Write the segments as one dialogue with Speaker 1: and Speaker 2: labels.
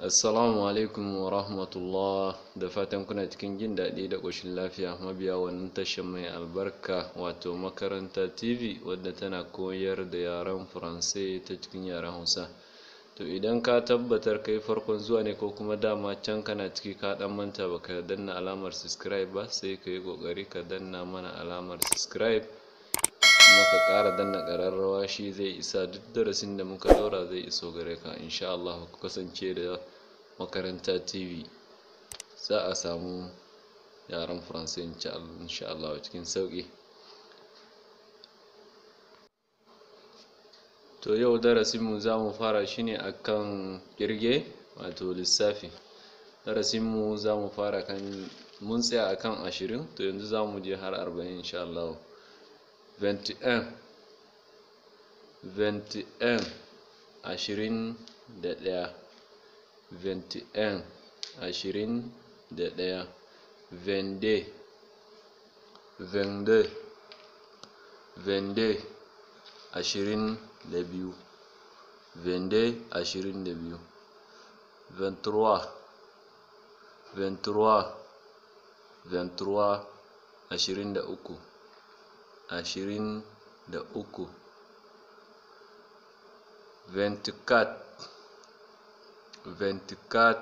Speaker 1: assalamu alaikum wa rahmatullah da fatan kuna cikin jin daɗi da ƙoshin lafiya mabiya wannan tashar mai albarka wato makaranta tv wadda tana koyar da yaren faransai ta cikin yaren hausa to idan ka tabbatar kai farkon zuwa ne ko kuma dama can kana ciki ka ɗan manta baka danna alamar subscribe ba sai ka yi ƙoƙari ka danna mana alamar subscribe kuma ka ƙara danna ƙararrawa shi zai isa duk darasin da muka daura zai iso gare ka insha Allah ku kasance da makaranta TV za a samu yaren Faransa insha Allah cikin sauƙi to yau darasin mu za mu fara shi ne akan kirge wato lissafi darasin mu za mu fara kan mun tsaya akan ashirin to yanzu za mu je har arba'in insha Allah 21 21 ashirin da ɗaya 21 ashirin da ɗaya vende vende vende ashirin da biyu vende ashirin da biyu 23 23 23 ashirin da uku ashirin da uku venticat venticat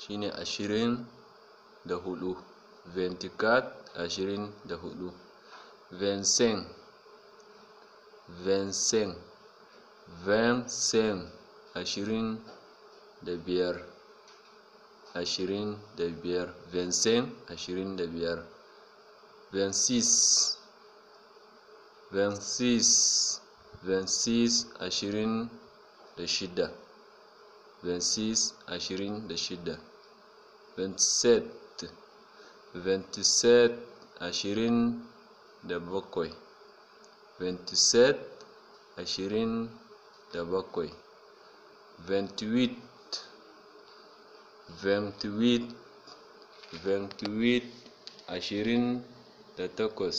Speaker 1: shine ashirin da hudu venticat ashirin da hudu vincent vincent vincent ashirin da biyar ashirin da biyar vincent ashirin da biyar vingt 26 26 ashirin da 26 ashirin da 27 27 ashirin da bakwai 28 28 28 ashirin da takwas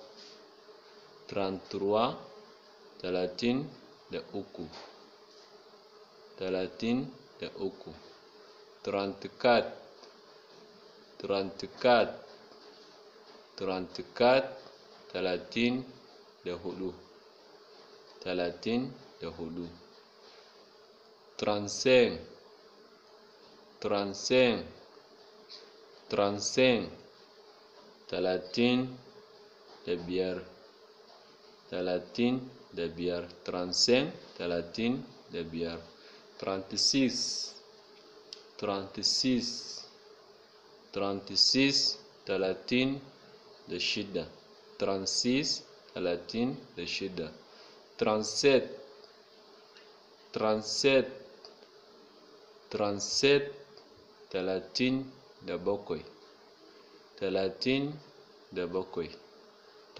Speaker 1: 33 talatin da uku talatin da uku 34 34 talatin da hudu talatin da hudu talatin da biyar talatin da biyar transen talatin da biyar trantisis trantisis trantisis talatin da shida transis talatin da shida transet transet transet talatin da bakwai talatin da bakwai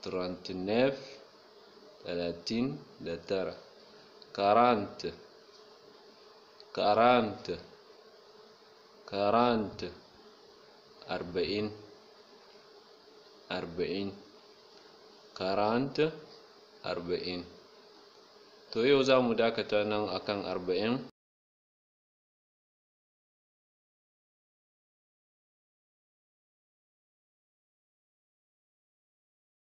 Speaker 1: trente-neuf, e e talatin da tara, quarante, quarante, arba'in, arba'in, quarante, arba'in. To yau za mu dakata nan akan arba'in.